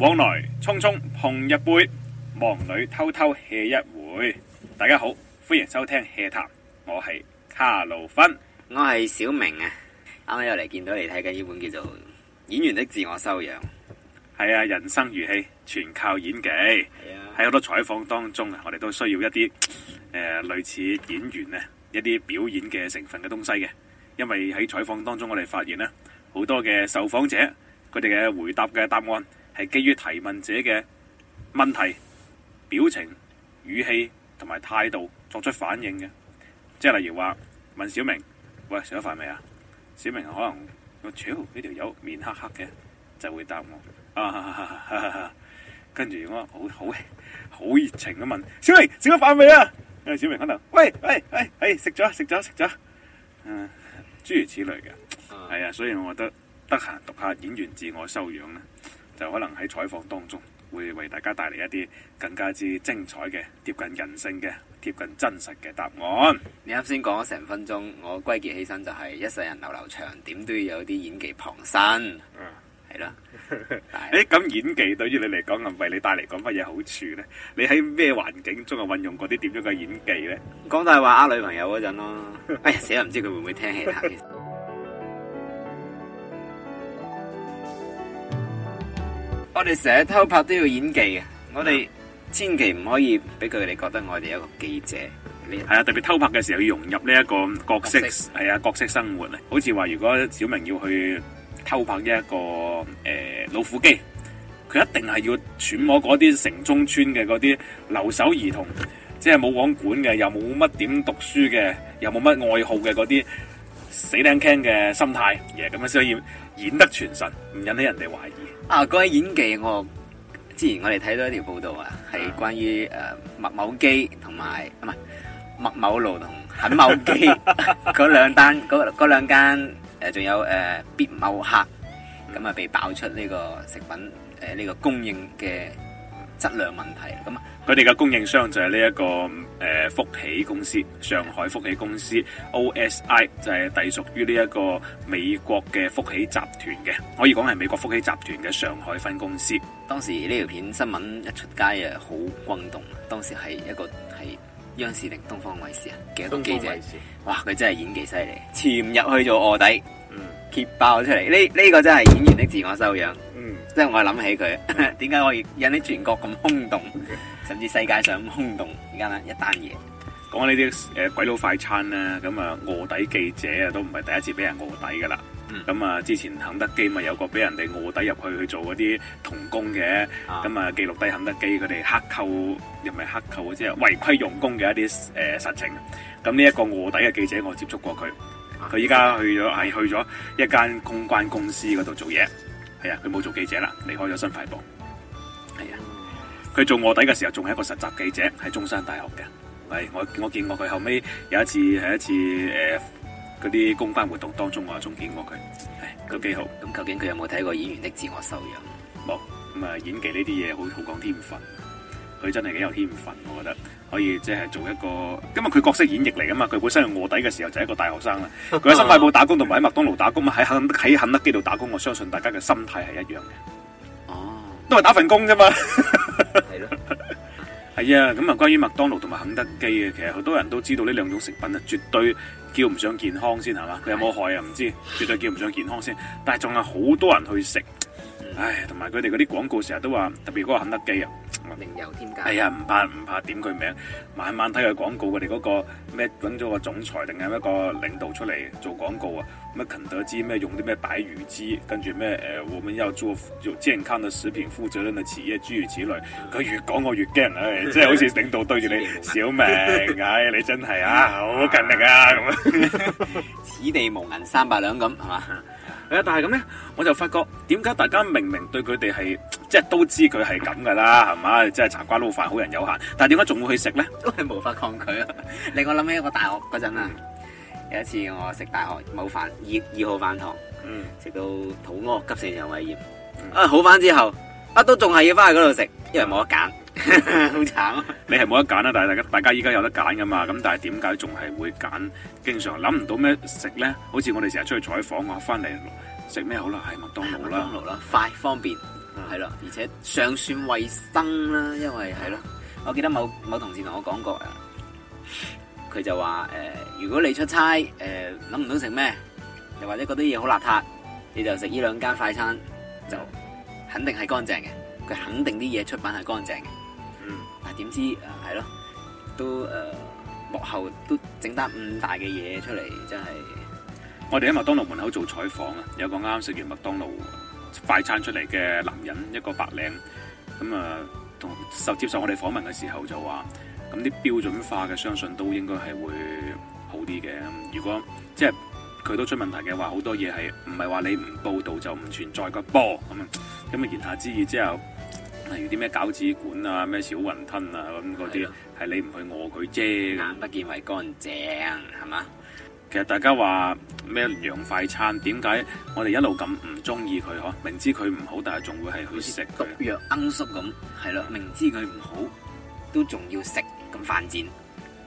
往來匆匆碰一杯，忙裏偷偷歇一會。大家好，歡迎收聽《HEA 談》，我係卡羅芬，我係小明啊。啱啱又嚟見到你睇緊呢本叫做《演員的自我修養》。係啊，人生如戲，全靠演技。係啊。喺好多採訪當中啊，我哋都需要一啲誒、呃、類似演員啊一啲表演嘅成分嘅東西嘅，因為喺採訪當中我哋發現啦，好多嘅受訪者佢哋嘅回答嘅答案。係基於提問者嘅問題、表情、語氣同埋態度作出反應嘅，即係例如話問小明：喂，食咗飯未啊？小明可能我：操呢條友面黑黑嘅，就會回答我啊哈哈哈哈，跟住我好好好熱情咁問小明：食咗飯未啊？因為小明可能「喂喂喂，喂，喂，食咗食咗食咗，啊、諸如此類嘅，係啊，所以我覺得得閒讀下演員自我修養咧。就可能喺採訪當中會為大家帶嚟一啲更加之精彩嘅貼近人性嘅貼近真實嘅答案。你啱先講咗成分鐘，我歸結起身就係、是、一世人流流長，點都要有啲演技傍身。嗯，係啦。誒，咁演技對於你嚟講，又為你帶嚟講乜嘢好處咧？你喺咩環境中啊運用過啲點樣嘅演技咧？講大話呃女朋友嗰陣咯。哎呀，死啦，唔知佢會唔會聽戲 我哋成日偷拍都要演技嘅，我哋千祈唔可以俾佢哋覺得我哋一個記者。係啊，特別偷拍嘅時候要融入呢一個角色，係色啊，角色生活啊。好似話如果小明要去偷拍一個誒、呃、老虎機，佢一定係要揣摩嗰啲城中村嘅嗰啲留守兒童，即係冇網管嘅，又冇乜點讀書嘅，又冇乜愛好嘅嗰啲死靚傾嘅心態，而係咁樣所以。演得全神，唔引起人哋懷疑。啊，講起演技，我之前我哋睇到一條報道啊，係關於誒麥、呃、某基同埋唔係麥某露同肯某基嗰 兩單嗰嗰兩間仲有誒、呃、必某客，咁啊被爆出呢個食品誒呢、呃這個供應嘅。質量問題，咁啊，佢哋嘅供應商就係呢一個誒、呃、福喜公司，上海福喜公司 OSI 就係隸屬於呢一個美國嘅福喜集團嘅，可以講係美國福喜集團嘅上海分公司。當時呢條片新聞一出街啊，好轟動啊！當時係一個係央視定東方衛視啊，幾多記者，哇，佢真係演技犀利，潛入去做臥底、嗯，揭爆出嚟，呢呢、這個真係演員的自我修養。即係我係諗起佢，點解可以引起全國咁轟動，甚至世界上咁轟動？而家一單嘢講呢啲誒鬼佬快餐啦，咁啊卧底記者啊都唔係第一次俾人卧底噶啦。咁啊、嗯嗯、之前肯德基咪有個俾人哋卧底入去去做嗰啲童工嘅，咁啊，啊記錄低肯德基佢哋黑扣又唔係黑扣，即係違規用工嘅一啲誒、呃、實情。咁呢一個卧底嘅記者，我接觸過佢，佢依、啊、家去咗係去咗一間公關公司嗰度做嘢。係啊，佢冇做記者啦，離開咗新快報。係啊的，佢做卧底嘅時候仲係一個實習記者，喺中山大學嘅。係我我見過佢後尾有一次喺一次誒嗰啲公關活動當中，我仲見過佢，係個、嗯、幾好。咁、嗯、究竟佢有冇睇過演員的自我修養？冇、嗯。咁、嗯、啊，演技呢啲嘢好好講天分，佢真係幾有天分，我覺得。可以即係做一個，因為佢角色演繹嚟噶嘛，佢本身係臥底嘅時候就係一個大學生啦。佢喺新快報打工，同埋喺麥當勞打工啊，喺肯喺肯德基度打工。我相信大家嘅心態係一樣嘅。哦、啊，都係打份工啫嘛。係 咯的，係啊。 咁啊，關於麥當勞同埋肯德基啊，其實好多人都知道呢兩種食品 啊，絕對叫唔上健康先係嘛。佢有冇害啊？唔知，絕對叫唔上健康先。但係仲有好多人去食。唉，同埋佢哋嗰啲廣告成日都話，特別嗰個肯德基啊，另有添加。係啊、哎，唔怕唔怕點佢名，晚晚睇佢廣告佢哋嗰個咩揾咗個總裁定係一個領導出嚟做廣告啊？乜肯德基咩用啲咩擺魚汁，跟住咩誒，我們要做，做健康的食品，負責任嘅企業諸如此類。佢越講我越驚，唉、哎，即係好似領導對住你， 小明，唉、哎，你真係 啊，好勤力啊，咁 此地無銀三百兩咁，係嘛？啊！但係咁咧，我就發覺點解大家明明對佢哋係即係都知佢係咁噶啦，係嘛？即係茶瓜撈飯，好人有限，但係點解仲會去食咧？都係無法抗拒啊！令我諗起一我大學嗰陣啊，嗯、有一次我食大學某飯二二號飯堂，嗯，食到肚屙，急性腸胃炎、嗯、啊，好翻之後啊，都仲係要翻去嗰度食，因為冇得揀。嗯好慘 憐啊 你！你係冇得揀啦，但係大家大家依家有得揀噶嘛？咁但係點解仲係會揀？經常諗唔到咩食咧？好似我哋成日出去採訪啊，翻嚟食咩好啦？係麥當勞啦，麥當勞啦，快方便係啦、嗯，而且尚算衛生啦。因為係咯，我記得某某同事同我講過，佢就話誒、呃，如果你出差誒諗唔到食咩，又或者嗰啲嘢好邋遢，你就食呢兩間快餐就肯定係乾淨嘅，佢肯定啲嘢出品係乾淨嘅。點知啊，係咯，呃、幕都誒幕後，都整得咁大嘅嘢出嚟，真係。我哋喺麥當勞門口做採訪啊，有個啱食完麥當勞快餐出嚟嘅男人，一個白領，咁啊同受接受我哋訪問嘅時候就話，咁啲標準化嘅相信都應該係會好啲嘅。如果即係佢都出問題嘅話，好多嘢係唔係話你唔報道就唔存在個波咁啊。咁、嗯、啊言下之意之後。例如啲咩餃子館啊，咩小雲吞啊咁嗰啲，係你唔去餓佢啫。眼不見為乾淨，係嘛？其實大家話咩洋快餐，點解吧我哋一路咁唔中意佢呵？明知佢唔好，但係仲會係去食佢。毒藥罌粟咁，係咯？明知佢唔好，都仲要食咁犯賤。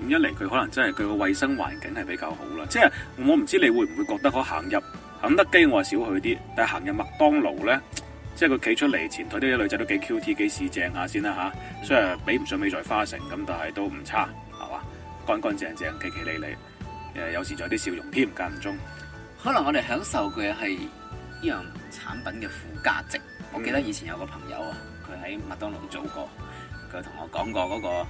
咁一嚟佢可能真係佢個衞生環境係比較好啦。即係我唔知你會唔會覺得呵？行入肯德基我係少去啲，但係行入麥當勞咧。即係佢企出嚟，前台啲女仔都幾 Q T，幾市正下先啦吓、啊。雖然比唔上美在花城咁，但係都唔差，係嘛？乾乾淨淨，企企理理，誒、呃，有時仲有啲笑容添，間唔中。可能我哋享受嘅係呢樣產品嘅附加值。我記得以前有個朋友啊，佢喺麥當勞做過，佢同我講過嗰、那個誒、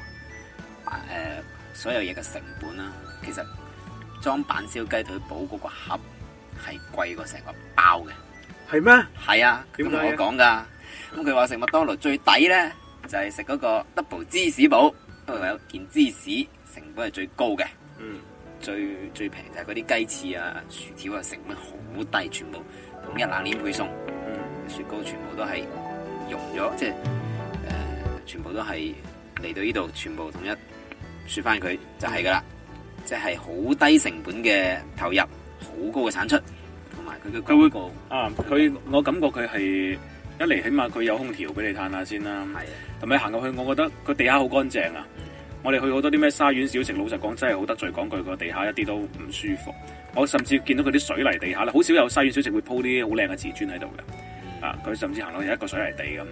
呃、所有嘢嘅成本啦。其實裝板燒雞腿堡嗰個盒係貴過成個包嘅。係咩？係啊，佢同我講噶，咁佢話食麥當勞最抵咧，就係食嗰個 double 芝士堡，因為有件芝士成本係最高嘅。嗯，最最平就係嗰啲雞翅啊、薯條啊，成本好低，全部統一冷鏈配送，嗯，雪糕全部都係融咗，即係誒，全部都係嚟到呢度，全部統一雪翻佢就係噶啦，即係好低成本嘅投入，好高嘅產出。佢佢會講啊！佢它我感覺佢係一嚟，起碼佢有空調俾你嘆下先啦。係的。同埋行入去，我覺得佢地下好乾淨啊！嗯、我哋去好多啲咩沙縣小食，老實講真係好得罪。講句個地下一啲都唔舒服。我甚至見到佢啲水泥地下咧，好少有沙縣小食會鋪啲好靚嘅瓷磚喺度嘅。嗯、啊！佢甚至行落去有一個水泥地咁、嗯，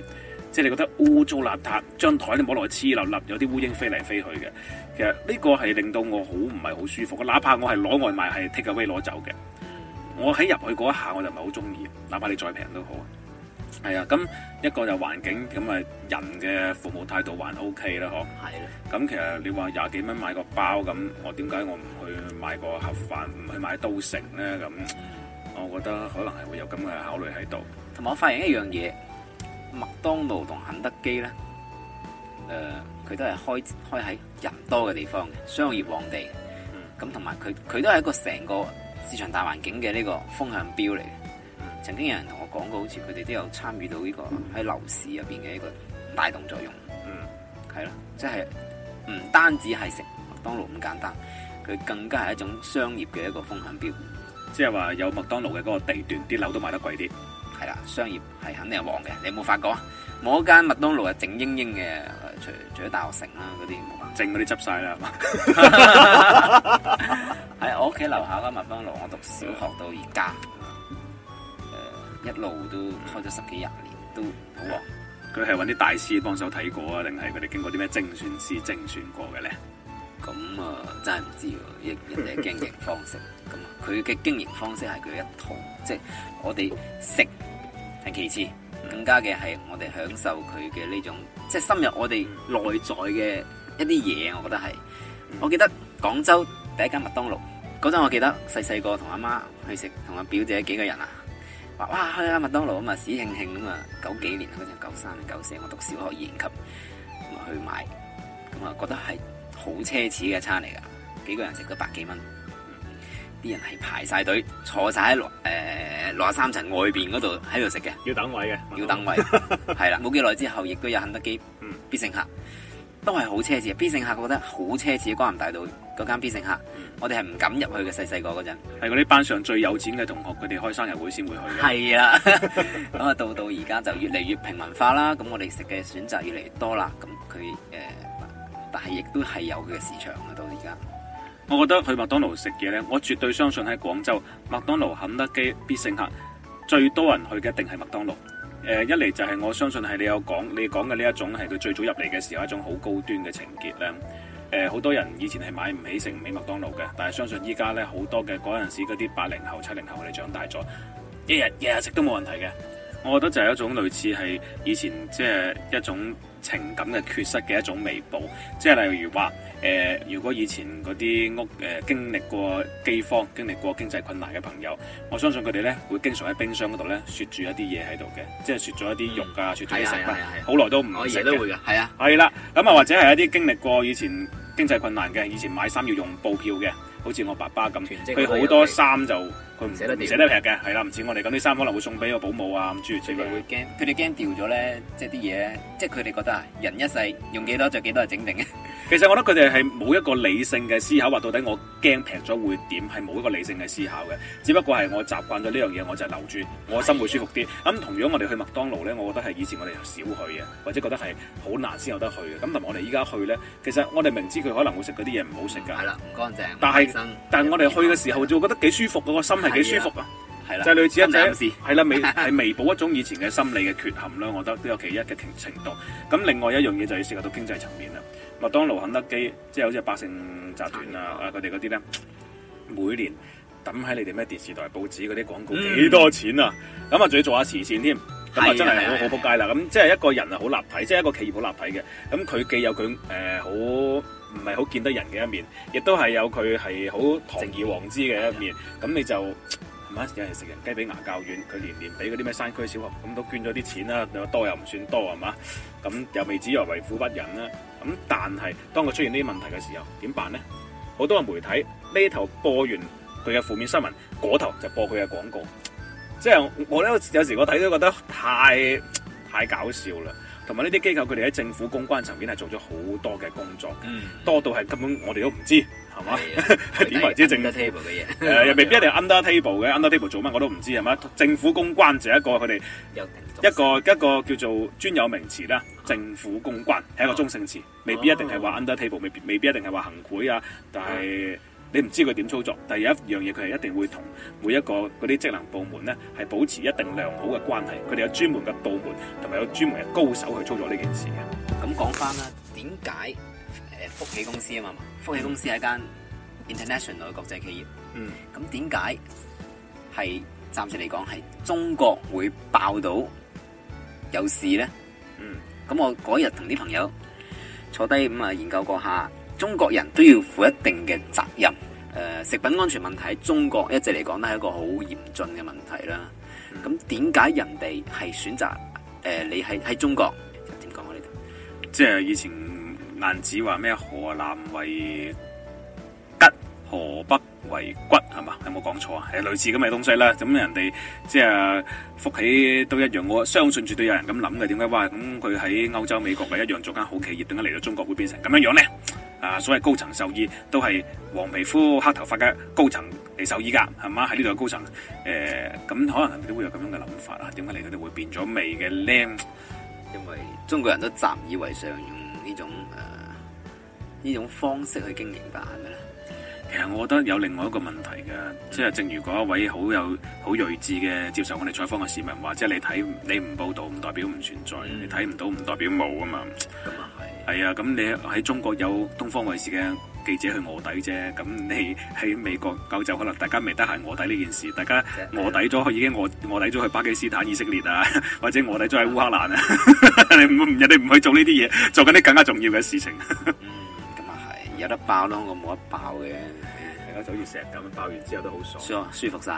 即係你覺得污糟邋遢，張台都摸落去黐笠笠，有啲烏蠅飛嚟飛去嘅。其實呢個係令到我好唔係好舒服嘅，哪怕我係攞外賣係 take away 攞走嘅。我喺入去嗰一下我就唔係好中意，哪怕你再平都好啊。係啊，咁一個就環境，咁啊人嘅服務態度還 OK 啦，嗬的，係咯。咁其實你話廿幾蚊買個包咁，我點解我唔去買個盒飯，唔去買都城咧？咁，我覺得可能係會有咁嘅考慮喺度。同埋我發現一樣嘢，麥當勞同肯德基咧，誒、呃，佢都係開開喺人多嘅地方，商業旺地。嗯。咁同埋佢佢都係一個成個。市場大環境嘅呢個風向標嚟，嘅。曾經有人同我講過，好似佢哋都有參與到呢個喺樓市入邊嘅一個大動作用嗯，嗯，係啦，即係唔單止係食麥當勞咁簡單，佢更加係一種商業嘅一個風向標，即係話有麥當勞嘅嗰個地段，啲樓都賣得貴啲，係啦，商業係肯定係旺嘅，你有冇發覺啊？冇一間麥當勞係，靜英英嘅，除除咗大學城啦嗰啲，淨嗰啲執晒啦。 喺我屋企樓下間麥當勞，我讀小學到而家，誒、呃、一路都開咗十幾廿年，都好旺，啊。佢係揾啲大師幫手睇過啊，定係佢哋經過啲咩精算師精算過嘅咧？咁啊，真係唔知喎、啊，人哋嘅經營方式。咁佢嘅經營方式係佢一套，即、就、係、是、我哋食係其次，更加嘅係我哋享受佢嘅呢種，即、就、係、是、深入我哋內在嘅一啲嘢，我覺得係。我記得廣州，第一間麥當勞，嗰陣我記得細細個同阿媽去食，同阿表姐幾個人啊，話哇去間麥當勞咁啊，喜慶慶咁啊，九幾年嗰陣，九三、九四，我讀小學二年級，咁啊去買，咁、嗯、啊覺得係好奢侈嘅餐嚟㗎，幾個人食咗百幾蚊，啲、嗯、人係排晒隊，坐晒喺落誒六三層外邊嗰度喺度食嘅，要等位嘅，要等位，係啦， 冇幾耐之後亦都有肯德基，嗯、必勝客都係好奢侈，必勝客覺得好奢侈，光明大道。嗰間必勝客，嗯、我哋係唔敢入去嘅細細個嗰陣，係嗰啲班上最有錢嘅同學，佢哋開生日會先會去。係啊，咁啊到到而家就越嚟越平民化啦。咁我哋食嘅選擇越嚟越多啦。咁佢誒，但係亦都係有佢嘅市場啊。到而家，我覺得去麥當勞食嘢咧，我絕對相信喺廣州，麥當勞、肯德基、必勝客最多人去嘅一定係麥當勞。誒、呃、一嚟就係我相信係你有講，你講嘅呢一種係佢最早入嚟嘅時候一種好高端嘅情結咧。誒，好、呃、多人以前係買唔起食唔起麥當勞嘅，但係相信依家咧，好多嘅，嗰陣時嗰啲八零後、七零後，我哋長大咗，一日日日食都冇問題嘅。我覺得就係一種類似係以前即係一種情感嘅缺失嘅一種彌補。即係例如話，誒、呃，如果以前嗰啲屋誒、呃、經歷過饑荒、經歷過經濟困難嘅朋友，我相信佢哋咧，會經常喺冰箱嗰度咧雪住一啲嘢喺度嘅，即係雪咗一啲肉啊，雪咗啲食物，好耐呀都唔可以食，都會嘅，係啊，係啦，咁啊或者係一啲經歷過以前。嗯嗯經濟困難嘅，以前買衫要用布票嘅，好似我爸爸咁，佢好多衫就。佢唔捨得唔捨得平嘅，係啦，唔似我哋咁啲衫可能會送俾個保姆啊，唔之最緊要會驚。佢哋驚掉咗咧，即係啲嘢，即係佢哋覺得啊，人一世用幾多著幾多係整定嘅。其實我覺得佢哋係冇一個理性嘅思考，話到底我驚平咗會點，係冇一個理性嘅思考嘅。只不過係我習慣咗呢樣嘢，我就係留住，我心會舒服啲。咁的同樣我哋去麥當勞咧，我覺得係以前我哋少去嘅，或者覺得係好難先有得去嘅。咁同埋我哋依家去咧，其實我哋明知佢可能會食嗰啲嘢唔好食㗎，係啦，唔乾淨，乾淨但係是但係我哋去嘅時候就覺得幾舒服，嗰個心。幾舒服啊，係啦的，就係類似一種，係啦，係彌補一種以前嘅心理嘅缺陷啦，我覺得都有其一嘅程度。咁另外一樣嘢就要涉及到經濟層面啦。麥當勞、肯德基，即係好似百勝集團啊、佢哋嗰啲咧，每年抌喺你哋咩電視台、報紙嗰啲廣告幾多錢啊？咁啊仲要做下慈善添，咁啊真係好好撲街啦。咁的的即係一個人啊好立體，即係一個企業好立體嘅。咁佢既有佢誒好。呃唔係好見得人嘅一面，亦都係有佢係好堂而皇之嘅一面。咁面你就係嘛的？有人食人雞髀牙較軟，佢年年俾嗰啲咩山區小學咁都捐咗啲錢啦，又多又唔算多係嘛？咁又未至於為富不仁啦、啊。咁但係當佢出現呢啲問題嘅時候，點辦呢？好多嘅媒體呢頭播完佢嘅負面新聞，嗰頭就播佢嘅廣告。即係我咧有時我睇都覺得太太搞笑啦。同埋呢啲機構，佢哋喺政府公關層面係做咗好多嘅工作，嗯、多到係根本我哋都唔知，係嘛？點為之政府？Under table 嘅嘢、 呃，又未必一定 under table 嘅 ，under table 做乜我都唔知，係嘛？ 政府公關就係一個佢哋一個一個叫做專有名詞啦， 政府公關係一個中性詞，未必一定係話 under table，未必未必一定係話行賄啊，但係。 你唔知佢點操作，但係有一樣嘢，佢係一定會同每一個嗰啲職能部門咧係保持一定良好嘅關係。佢哋有專門嘅部門，同埋有，有專門嘅高手去操作呢件事嘅。咁講翻啦，點解誒福喜公司啊嘛？福喜公司係一間 international 嘅國際企業。嗯。咁點解係暫時嚟講係中國會爆到有事咧？嗯。咁我嗰日同啲朋友坐低咁啊研究過下。中國人都要負一定嘅責任。誒、呃，食品安全問題，喺中國一直嚟講都係一個好嚴峻嘅問題啦。咁點解人哋係選擇誒、呃？你喺喺中國點講？我呢？即係以前晏子話咩？河南為吉，河北為骨，係嘛？有冇講錯啊？係類似咁嘅東西啦。咁人哋即係福喜都一樣，我相信絕對有人咁諗嘅。點解哇？咁佢喺歐洲、美國咪一樣做間好企業，點解嚟到中國會變成咁樣樣咧？啊！所謂高層受益都係黃皮膚黑頭髮嘅高層嚟受益噶，係嘛？喺呢度高層，誒、呃、咁可能係咪都會有咁樣嘅諗法啊？點解你哋會變咗味嘅咧？因為中國人都習以為常用呢種誒呢、啊、種方式去經營吧，係咪咧？其實我覺得有另外一個問題嘅，即係、嗯、正如嗰一位好有好睿智嘅接受我哋採訪嘅市民話，即、就、係、是、你睇你唔報導唔代表唔存在，嗯、你睇唔到唔代表冇啊嘛。嗯。係啊，咁你喺中國有東方衛視嘅記者去臥底啫，咁你喺美國就可能大家未得閒臥底呢件事，大家臥底咗已經卧臥底咗去巴基斯坦、以色列啊，或者臥底咗喺烏克蘭啊， 你人哋唔去做呢啲嘢，做緊啲更加重要嘅事情。咁啊係，有得爆咯，我冇得爆嘅。大家就好似成日咁樣爆完之後都好爽，sure, 舒服晒。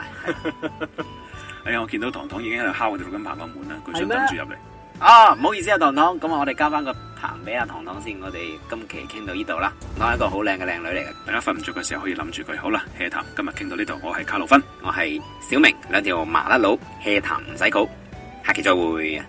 哎呀，我見到糖糖已經喺度敲我哋錄音棚個門啦，佢的想跟住入嚟。啊，唔好意思啊，糖糖，咁我我哋加翻個。行俾阿糖糖先，我哋今期傾到呢度啦。當係一個好靚嘅靚女嚟嘅，大家瞓唔着嘅時候可以諗住佢。好啦，hea 談今日傾到呢度，我係卡路芬，我係小明，兩條麻辣佬 hea 談唔使稿，下期再會。